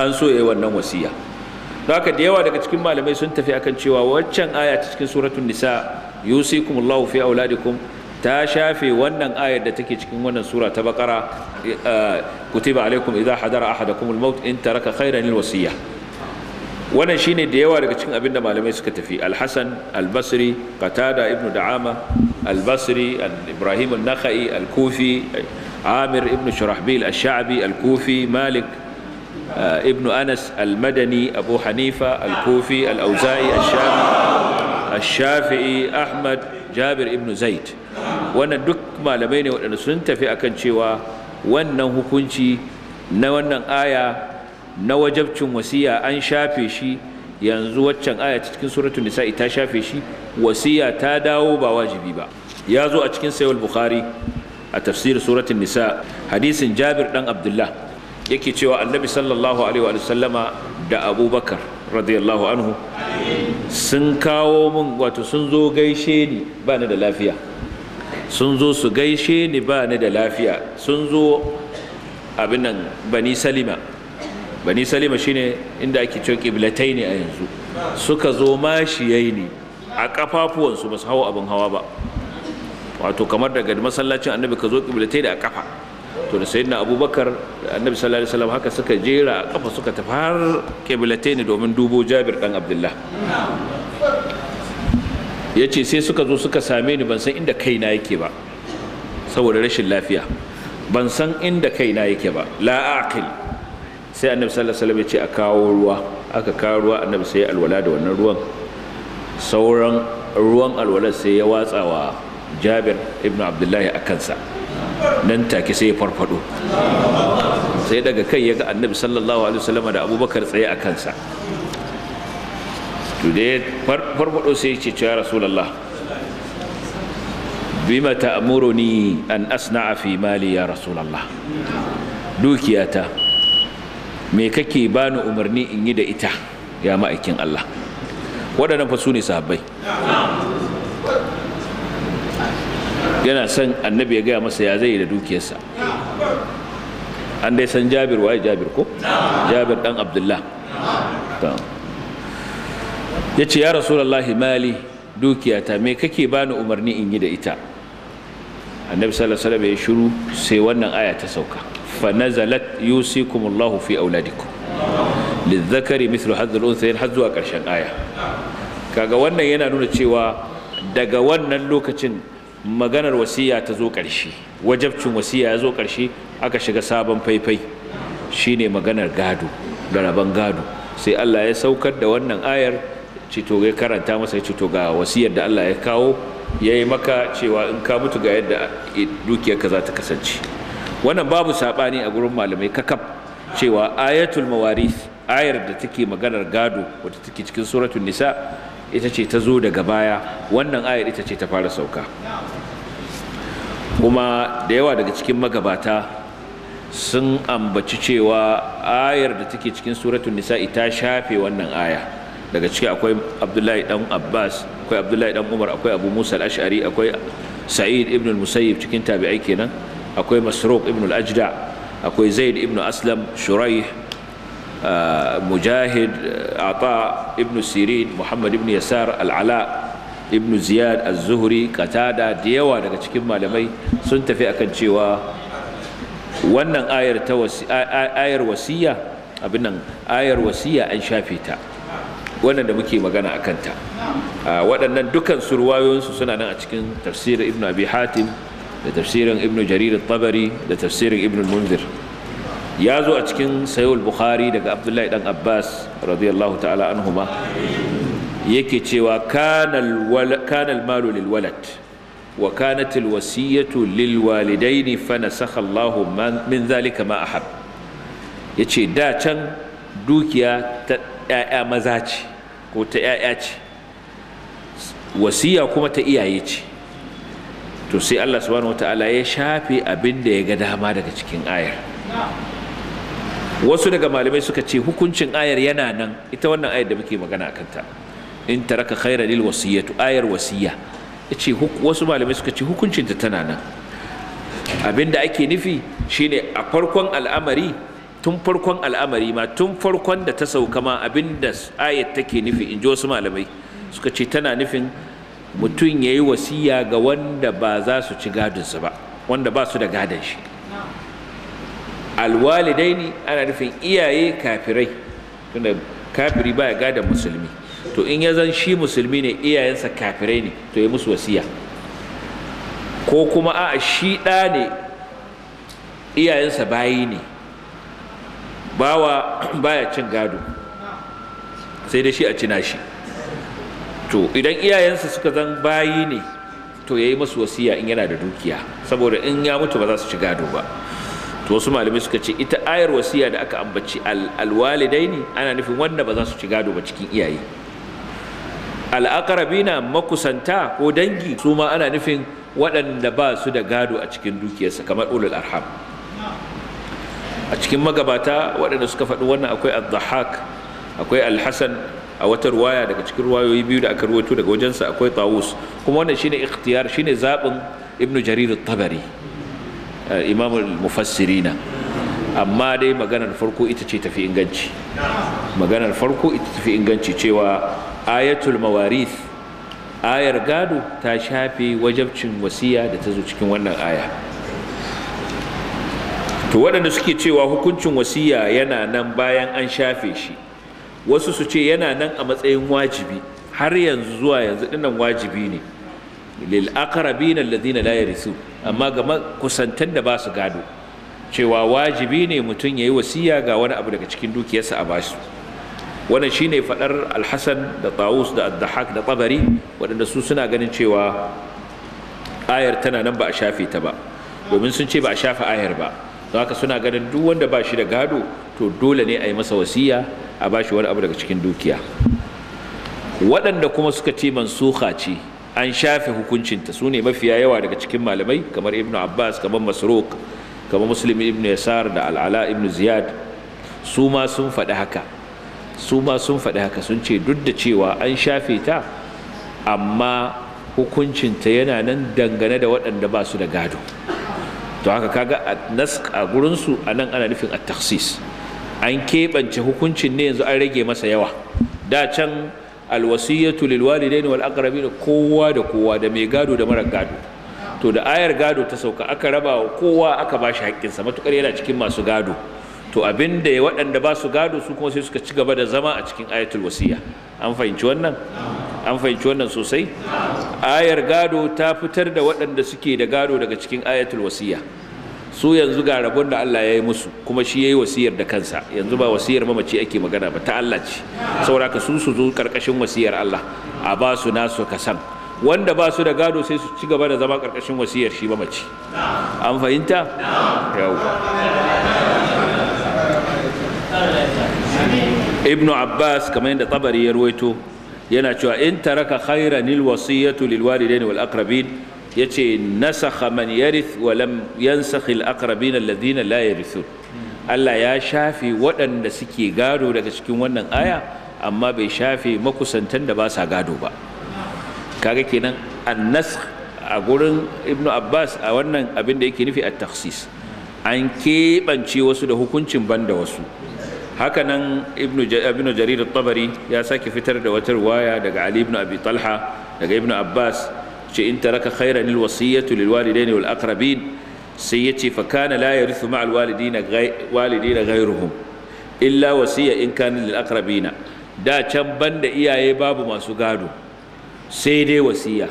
an so ya yi wannan wasiya haka da yawa daga cikin malamai sun tafi akan cewa waccan aya ta cikin suratun nisa yusikumullahu fi auladikum ta shafe wannan ayar da take cikin wannan sura ta bakara eh, kutiba alaikum idza hadara ahadakum almaut maut in taraka khairan lilwasiyah wannan shine da yawa daga cikin abinda malamai suka tafi al-hasan al-basri qatada ibnu da'ama al-basri ibrahim an-nakhai al-kufi amir ibnu shurahbil al-sha'bi al-kufi malik uh, ibnu anas al-madani abu hanifa al-kufi al-auza'i al-shafi al-shafi'i ahmad jabir ibnu zaid wannan duk malamai ne waɗanda sun tafi akan cewa wannan hukunci na wannan aya na wajabcin wasiya an shafe shi yanzu waccan aya cikin suratul nisa ta shafe shi wasiya ta dawo ba wajibi ba ya zo a cikin sayyid bukhari a tafsir suratun nisa hadisin jabir dan abdullah yake cewa annabi sallallahu alaihi wa sallama da abubakar radiyallahu anhu sun kawo min wato sun zo gaishe ni ba ni da lafiya sun zo su gaishe ni ba ni da lafiya sun zo abin nan bani salima bani salima shine inda ake cewa kiblatai ne a yanzu suka zo mashiyai ne a kafafuwansu ba su hau abin hawa ba wato kamar daga masallacin annabi ka zo kiblatai da a kafa to da abubakar da annabi sallallahu alaihi wasallam haka suka jera a kafa suka tafi har kiblatai ne domin dubo jabir dan abdullah ya ce sai suka zo suka same ni ban san inda kaina yake ba saboda rashin lafiya ban san inda kaina yake ba la sai annabi sallallahu alaihi wasallam ya ce a kawo ruwa aka kawo ruwa annabi sai ya alwala da wannan ruwan sauran ruwan alwala sai ya watsa wa jabir ibn abdullahi a kansa nan take sai ya farfado sai daga kai ya ga annabi sallallahu alaihi wasallam da abubakar tsaye a kansa to da farfado sai ya ce ya rasulullah bima ta'muruni an asna'a fi mali ya rasulullah dukiyata me kake bani umarni in yi da ita ya ma'aikin Allah waɗannan fa su ne sahabbai yana son annabi ya gaya masa ya zai da dukiyarsa an dai san jabir waye jabir ko jabir dan abdullah ya ce ya rasulallahi mali dukiyata me kake bani umarni in yi da ita annabi sallallahu alaihi wasallam ya shiru sai wannan aya ta sauka فنزلت يوصيكم الله في أولادكم للذكر مثل حظ الأنثيين حظ أكرشان آية kaga wannan yana nuna cewa daga wannan lokacin maganar wasiya ta zo ƙarshe wajabcin wasiya ya zo ƙarshe aka shiga sabon faifai shine maganar gado da rabon gado sai Allah ya saukar da wannan ayar cito ya karanta masa ya cito ga wasiyar da Allah ya kawo ya yi maka cewa in ka mutu ga yadda dukiyarka za ta kasance wannan babu saɓani a gurin malamai kakaf cewa ayatul mawaris ayar da take maganar gado wata take cikin suratul nisa ita ce ta zo daga baya wannan ayar ita ce ta fara sauka kuma da yawa daga cikin magabata sun ambaci cewa ayar da take cikin suratul nisa ita shafe wannan aya daga ciki akwai abdullahi dan abbas akwai abdullahi dan umar akwai abu musa al-ash'ari akwai sa'id ibn al-musayyib cikin tabi'ai kenan akwai masruq ibn al-ajda akwai zaid ibn aslam shuraih uh, mujahid uh, ata ibn sirin muhammad ibn yasar al-ala ibn ziyad az-zuhri qatada da yawa daga cikin malamai sun tafi akan cewa wannan ayar ta ayar wasiya ayar wasiya an shafe ta wannan da muke magana a ta uh, waɗannan dukan surwayoyinsu suna nan a cikin tafsirin ibn abi hatim da tafsirin Ibnu jarir tabari da tafsirin Ibnu munzir ya zo a cikin sayul bukhari daga abdullahi dan abbas radiyallahu ta'ala anhuma yake cewa kanal malu lil walad wa kanat al wasiyatu lil walidaini ne fana Allah min zalika ma ahab yace da can dukiya ta yaya maza ce ko ta yaya ce wasiya kuma ta iyaye ce to sai Allah subhanahu wata'ala ya shafe abin da ya ga dama daga cikin ayar wasu daga malamai suka ce hukuncin ayar yana nan ita wannan ayar da muke magana a kanta in taraka khaira lil wasiyatu ayar wasiya yace wasu malamai suka ce hukuncin ta tana nan abin da ake nufi shine a farkon al'amari tun farkon al'amari ma tun farkon da ta sauka ma abin da ayar take nufi in ji wasu malamai suka ce tana nufin mutum ya yi wasiya ga wanda ba za su ci gadinsa ba wanda ba su da gadon shi ne ana nufin iyaye kafirai tunda kafiri ba ya gadon musulmi to in ya zan shi musulmi ne iyayensa kafirai ne to ya musu wasiya ko kuma a shi ɗa ne iyayensa bayi ne bawa baya cin gado sai da shi a cina shi to idan iyayensa suka zan bayi ne to ya yi masu wasiya in yana da dukiya saboda in ya mutu ba za su ci gado ba to wasu malamai suka ce ita ayar wasiya da aka ambaci ne ana nufin wanda ba za su ci gado ba cikin iyaye na makusanta ko dangi su ma ana nufin waɗanda ba su da gado a cikin dukiyarsa kamar ulul arham a cikin magabata waɗanda suka faɗi wannan akwai al-dhahak akwai al-hasan a wata ruwaya daga cikin ruwayoyi biyu da aka ruwaito daga wajensa akwai tawus kuma wannan shine ikhtiyar shine zabin ibnu jarir tabari eh, imam mufassirina amma dai maganar farko ita ce tafi inganci maganar farko ita tafi inganci cewa ayatul mawarith ayar gado ta shafe wajabcin wasiya da ta zo cikin wannan aya to waɗanda suke cewa hukuncin wasiya yana nan bayan an shafe shi wasu su ce yana nan a matsayin wajibi har yanzu zuwa yanzu dinnan wajibi ne lil aqrabin alladhina la yarisu amma ga kusantan da ba su gado cewa wajibi ne mutum yayi wasiya ga wani abu daga cikin dukiyarsa a bashi wannan shine fadar al-Hasan da Tawus da ad dahak da Tabari wadanda su suna ganin cewa ayar tana nan ba a shafe ta ba domin sun ce ba a shafe ayar ba don haka suna ganin duk wanda ba shi da gado to dole ne a yi masa wasiya a bashi wani abu daga cikin dukiya waɗanda kuma suka ce mansuha ce an shafe hukuncinta su ne mafiya yawa daga cikin malamai kamar ibnu abbas kamar masruq kamar muslim ibnu yasar da al'ala ibnu ziyad su ma sun faɗi haka su ma sun faɗi haka sun ce duk da cewa an shafe ta amma hukuncinta yana nan dangane da waɗanda ba su da gado to haka kaga a gurinsu a nan ana nufin a taksis an keɓance hukuncin ne yanzu an rage masa yawa da can alwasiyatu lilwalidaini wal aqrabin kowa da kowa da mai gado da mara gado to da ayar gado ta sauka aka raba wa kowa aka ba shi haƙƙinsa matukar yana cikin masu gado to abin da waɗanda ba su gado su kuma sai suka ci gaba da zama a cikin ayatul wasiya an fahimci wannan an fahimci wannan sosai ayar gado ta fitar da waɗanda suke da gado daga cikin ayatul wasiya su yanzu ga rabon da Allah ya yi musu kuma shi ya yi wasiyar da kansa yanzu ba wasiyar mamaci ake magana ba ta Allah ce sauraka su su zo karkashin wasiyar Allah a ba su nasu kasan wanda ba su da gado sai su ci gaba da zama karkashin wasiyar shi mamaci an fahimta ibn abbas kamar yadda tabari ya ruwaito yana cewa in taraka khairan lil wasiyatu lil walidaini wal aqrabin yace nasakha man yarith wa lam yansakh al alladhina la yarithun Allah ya shafe waɗanda suke gado daga cikin wannan aya amma bai shafe makusantan da ba sa gado ba kaga kenan an-nasakh a gurin ibnu abbas a wannan abin da yake nufi at taksis an keɓance wasu da hukuncin banda wasu hakanan Ibn jarir tabari ya sake fitar da wata ruwaya daga ali ibn abi talha daga ibnu abbas ce in taraka khairan lil wasiyatu lil walidaini wal aqrabin sai yace fa kana la yarithu ma'al gairuhu walidina ghayruhum illa wasiya in kana lil aqrabina da can banda iyaye babu masu gado sai dai wasiya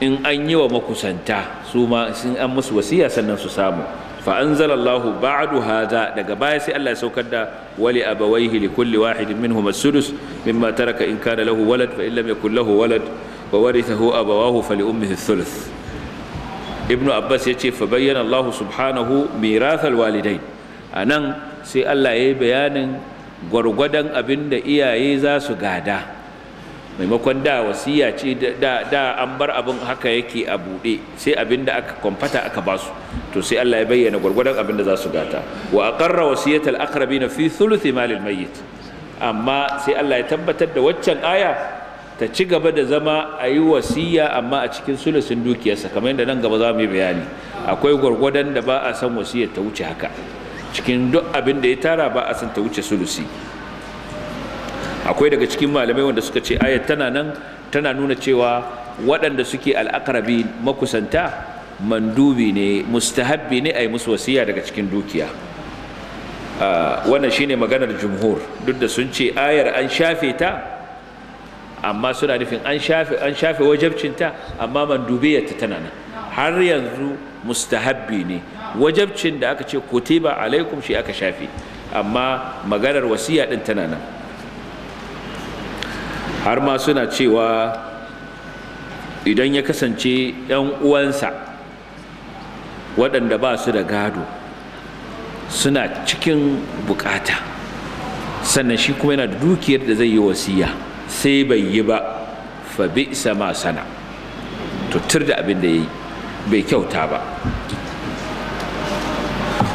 in an yi wa makusanta su ma sun an musu wasiya sannan su samu fa anzalallahu ba'du haza, daga baya sai Allah ya saukar da wali abawaihi li kulli wahidin minhum as-sudus mimma taraka in kana lahu walad fa in lam yakul lahu walad wa warithahu abawahu fali ummihi thuluth ibnu abbas ya ce fa bayyana allah subhanahu walidai. A nan sai allah yayi bayanin gwargwadon abin iyaye za su gada maimakon da wasiya ce da, an bar abin haka yake a buɗe sai abin aka kwamfata aka ba to sai Allah ya bayyana gwargwadon abin da za su gata wa aqarra wasiyatal aqrabina fi thuluthi malil mayyit amma sai Allah ya tabbatar da waccan aya ta ci gaba da zama a yi wasiya amma a cikin sulusin dukiyarsa kamar yadda nan gaba za mu yi bayani akwai gwargwadon da ba a san wasiyar ta wuce haka cikin duk abin da ya tara ba a san ta wuce sulusi akwai daga cikin malamai wanda suka ce ayat tana nan tana nuna cewa waɗanda suke al'akarabi makusanta mandubi ne mustahabbi ne a yi musu wasiya daga cikin dukiya ah, wannan shine maganar jumhur duk da sun ce ayar an shafe ta amma suna nufin an shafe an shafe wajabcinta amma yadda tana nan har yanzu mustahabbi ne wajabcin da aka ce kutiba alaikum shi aka shafe amma maganar wasiya din tana nan har ma suna cewa idan ya kasance yan uwansa waɗanda ba su da gado suna cikin bukata sannan shi kuma yana da dukiyar da zai yi wasiya sai bai yi ba fa bi ma sana to tur da abin da yayi bai kyauta ba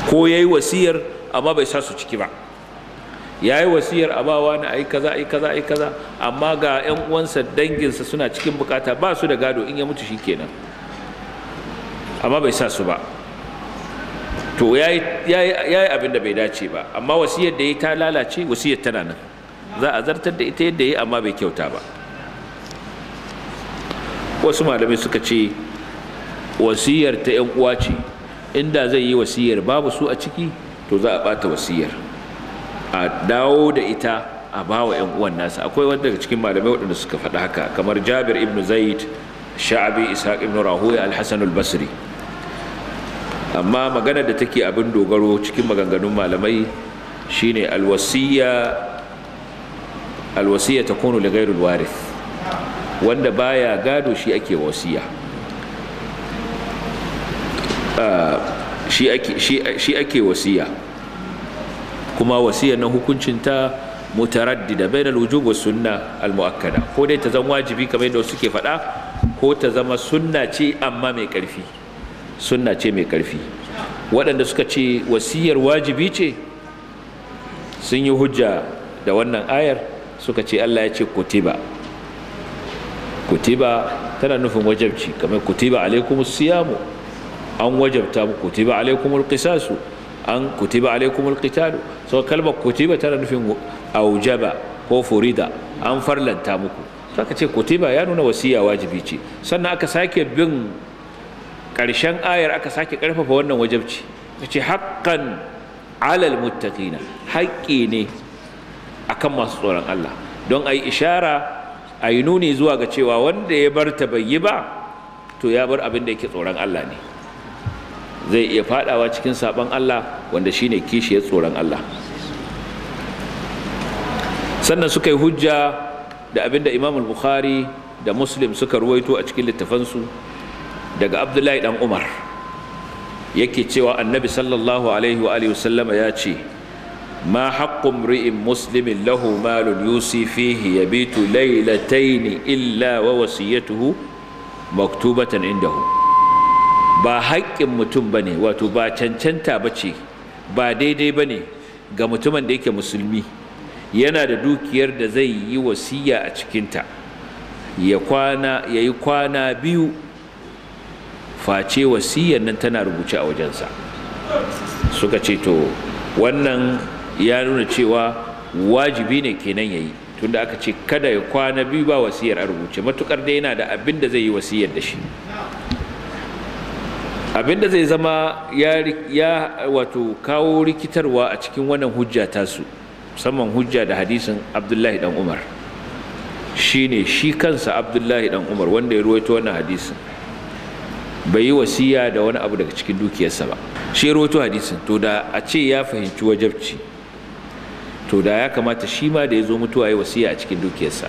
ko yayi wasiyar amma bai sa su ciki ba yayi wasiyar a bawa na ai kaza ai kaza ai kaza amma ga 'yan uwansa danginsa suna cikin bukata ba su da gado in ya mutu shikenan amma bai sa su ba to yayi yayi abin da bai dace ba amma wasiyar da ya ta lalace wasiyar tana nan za a zartar da ita yadda ya amma bai kyauta ba wasu malamai suka ce wasiyar ta 'yan uwa ce inda zai yi wasiyar babu su a ciki to za a bata wasiyar a dawo da ita a bawa 'yan uwan nasa akwai wanda daga cikin malamai waɗanda suka faɗi haka kamar jabir ibn zaid Shabi ishaq ibn rahuya al-hasan al-basri amma magana da take abin dogaro cikin maganganun malamai shine alwasiya alwasiya takunu da ghayril warith wanda baya gado shi ake wasiya ah, shi ake wasiya kuma wasiya na hukuncinta mutaraddida bainal wujub was sunna al ko dai ta zama wajibi kamar yadda suke faɗa ko ta zama sunna ce amma mai ƙarfi sunna ce mai ƙarfi waɗanda suka ce wasiyar wajibi ce sun yi hujja da wannan ayar suka ce Allah ya ce kutiba kutiba tana nufin wajabci kamar kutiba alaikumus siyamu an wajabta mu kutiba alaikumul qisasu an kutiba alaikumul qitalu so kalmar kutiba tana nufin aujaba ko furida an farlanta muku saka ce kutiba ya nuna wasiya wajibi ce sannan aka sake bin karshen ayar aka sake karfafa wannan wajabci ce haqqan alal muttaqina haƙƙi ne akan masu tsoron Allah don a yi ishara a yi nuni zuwa ga cewa wanda ya bar ta bai yi ba to ya bar abin da yake tsoron Allah ne zai iya fadawa cikin sabon Allah wanda shine kishiyar tsoron Allah sannan suka yi hujja da abin da Imam Bukhari da Muslim suka ruwaito a cikin littafansu daga Abdullahi dan Umar yake cewa Annabi sallallahu alaihi wa alihi wasallama ya ce ما حق امرئ مسلم له مال يوصي فيه يبيت ليلتين إلا ووصيته مكتوبة عنده ba haƙƙin mutum ba ne wato ba cancanta ba ce ba daidai ba ne ga mutumin da yake musulmi yana da dukiyar da zai yi wasiya a cikinta ya yi kwana biyu face wasiyar nan tana rubuce a wajensa suka ce to wannan ya nuna cewa wajibi ne kenan yayi tunda aka ce kada ya kwana biyu ba wasiyar a rubuce matukar da yana da abin da zai yi wasiyar da shi abin da zai zama ya wato kawo rikitarwa a cikin wannan hujja tasu musamman hujja da hadisin abdullahi dan umar shi ne shi kansa abdullahi dan umar wanda ya ruwaito wannan hadisin bai yi wasiya da wani abu daga cikin dukiyarsa ba shi ya ruwaito hadisin to da a ce ya fahimci wajabci to da ya kamata shi ma da ya zo mutuwa ya wasiya a cikin dukiyarsa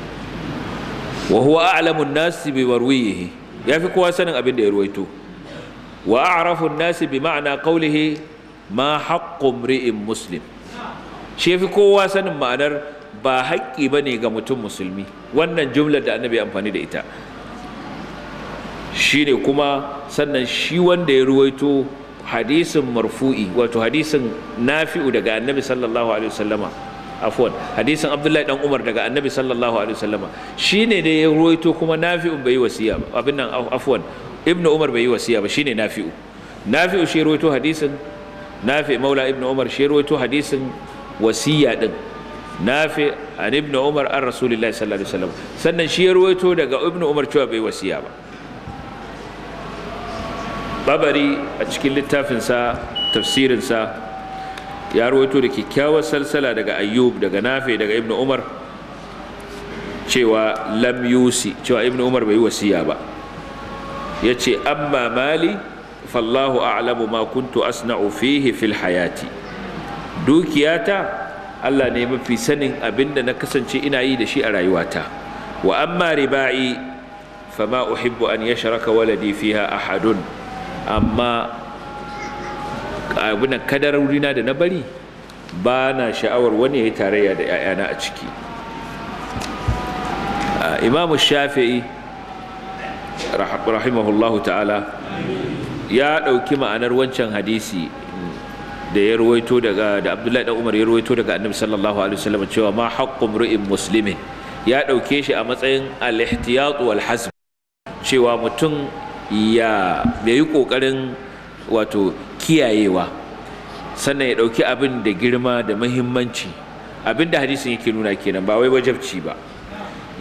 wa huwa a'lamu an-nasi bi warwihi yafi kowa sanin abin da ya ruwaito wa a'rafu an-nasi bi ma'ana qawlihi ma haqqu imri'in muslim shi yafi kowa sanin ma'anar ba haƙƙi bane ga mutum musulmi wannan jumlar da annabi amfani da ita shine kuma sannan shi wanda ya ruwaito hadisin marfu'i wato hadisin nafi'u daga annabi sallallahu alaihi wasallama afwan hadisin abdullahi dan umar daga annabi sallallahu alaihi wasallama shine da ya ruwaito kuma nafi'u bai yi wasiya ba abin nan afwan ibnu umar bai yi wasiya ba shine nafi'u nafi'u shi ruwaito hadisin nafi maula ibnu umar shi ruwaito hadisin wasiya din nafi an ibnu umar an rasulillahi sallallahu alaihi wasallam sannan shi ya ruwaito daga ibnu umar cewa bai wasiya ba babari a cikin littafinsa tafsirinsa ya rawaito da kyakkyawar salsala daga ayyub daga nafe daga ibnu umar cewa lam yusi cewa ibnu umar bai yi wasiya ba ya ce amma mali fallahu a'lamu ma kuntu asna'u fihi fil hayati dukiyata Allah ne mafi sanin abinda na kasance ina yi da shi a rayuwata wa amma riba'i fama uhibbu an yashraka waladi fiha ahadun amma abin wurina da na bari ba na sha'awar wani ya yi tarayya da 'ya'yana a ciki imamu shafi'i rahimahullahu ta'ala ya ɗauki ma'anar wancan hadisi da ya ruwaito daga da abdullahi Dan umar ya ruwaito daga annabi sallallahu alaihi wasallam cewa ma haqqum ru'in muslimin ya ɗauke shi a matsayin al-ihtiyat wal hasb cewa mutum ya yi kokarin. wato kiyayewa sannan ya ɗauki abin da girma da mahimmanci abin da hadisin yake nuna kenan ba wai wajabci ba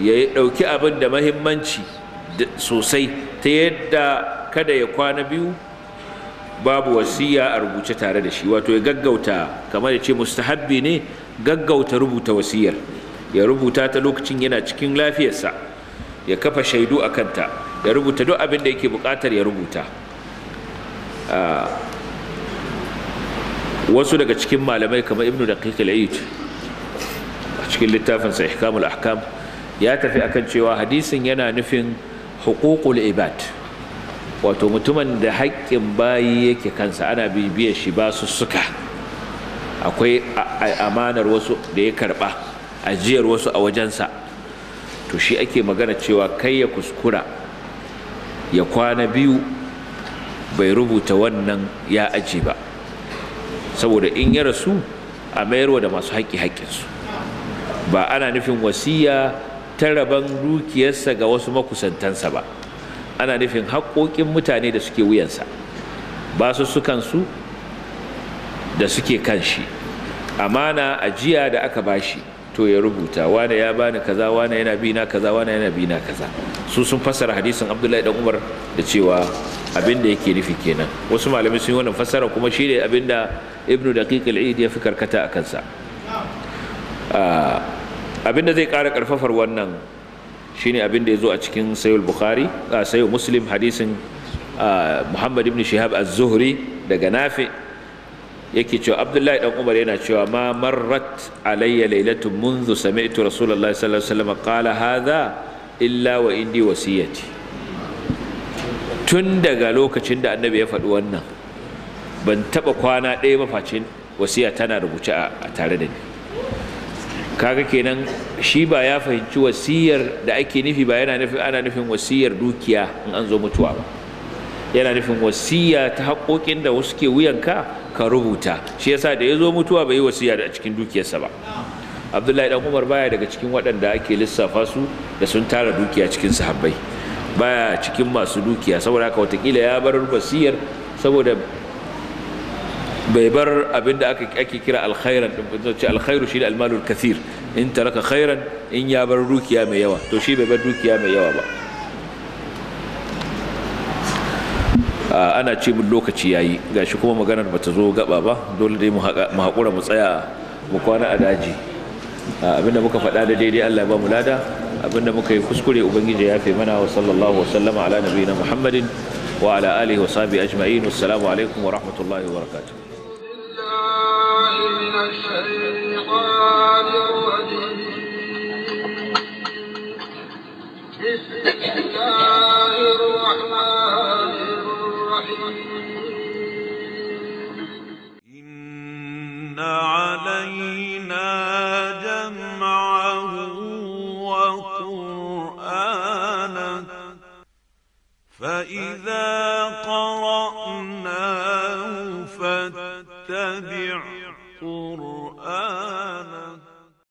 ya ɗauki abin da mahimmanci sosai ta yadda kada ya kwana biyu babu wasiya a rubuce tare da shi wato ya gaggauta kamar ya ce mustahabbi ne gaggauta rubuta wasiyar ya rubuta ta lokacin yana cikin lafiyarsa ya kafa shaidu a kanta ya rubuta duk abin da yake buƙatar ya rubuta Ah, wasu daga cikin malamai kamar ibnu da al a cikin littafin sa ihkamul ahkam ya tafi akan cewa hadisin yana nufin hukukul ibad wato mutumin da haƙƙin bayi yake kansa ana bibiyar shi ba su suka akwai amanar wasu da ya karba ajiyar wasu a wajensa to shi ake magana cewa kai ya kuskura ya kwana biyu bai rubuta wannan ya aji ba saboda in ya rasu a mayarwa da masu haƙƙi haƙƙinsu ba ana nufin wasiya ta raban dukiyarsa ga wasu makusantansa ba ana nufin haƙoƙin mutane da suke wuyansa ba su da suke kan shi amana ajiya da aka bashi to ya rubuta wane ya bani kaza wane yana bi na kaza wane yana bi na kaza su sun fassara hadisin abdullahi dan umar da cewa abin da yake nufi kenan wasu malamai sun yi wannan fassara kuma shi ne abin da ibnu daqiq al-eid ya fi karkata a kansa abin da zai ƙara karfafar wannan shine abin da ya zo a cikin sayyid bukhari sayyid muslim hadisin muhammad ibn shihab az-zuhri daga nafi' yake cewa abdullahi dan umar yana cewa ma marrat alayya lailatun منذ سمعت رسول الله صلى الله عليه وسلم قال هذا indi وإني tun daga lokacin da annabi ya faɗi wannan ban taɓa kwana ɗaya mafacin wasiya tana rubuce a tare da ni kaga kenan shi ba ya fahimci wasiyar da ake nufi ba yana nufin ana nufin wasiyar dukiya in an zo mutuwa ba yana nufin wasiya ta haƙoƙin da wasu ke wuyanka ka rubuta shi yasa da ya zo mutuwa bai yi wasiya da cikin dukiyarsa ba abdullahi dan umar baya daga cikin waɗanda ake lissafa su da sun tara dukiya cikin sahabbai baya cikin masu dukiya saboda haka watakila ya bar wasiyar saboda bai bar abin da ake kira alkhairan din ce alkhairu shi da almalul kathir in taraka khairan in ya bar dukiya mai yawa to shi bai bar dukiya mai yawa ba Ah, ana ce min lokaci ya ga gashi kuma maganar ba ta zo gaba ba dole dai mu haƙura mu tsaya mu kwana a daji ah, abinda muka faɗa da daidai Allah ba mu lada abinda muka yi kuskure ubangiji ya fi mana wa sallallahu wa sallama ala nabiyina muhammadin wa ala alihi wa sahbihi ajma'in assalamu alaikum wa rahmatullahi wa barakatuh بسم الله الرحمن علينا جمعه وقرآنه فإذا قرأناه فاتبع قرآنه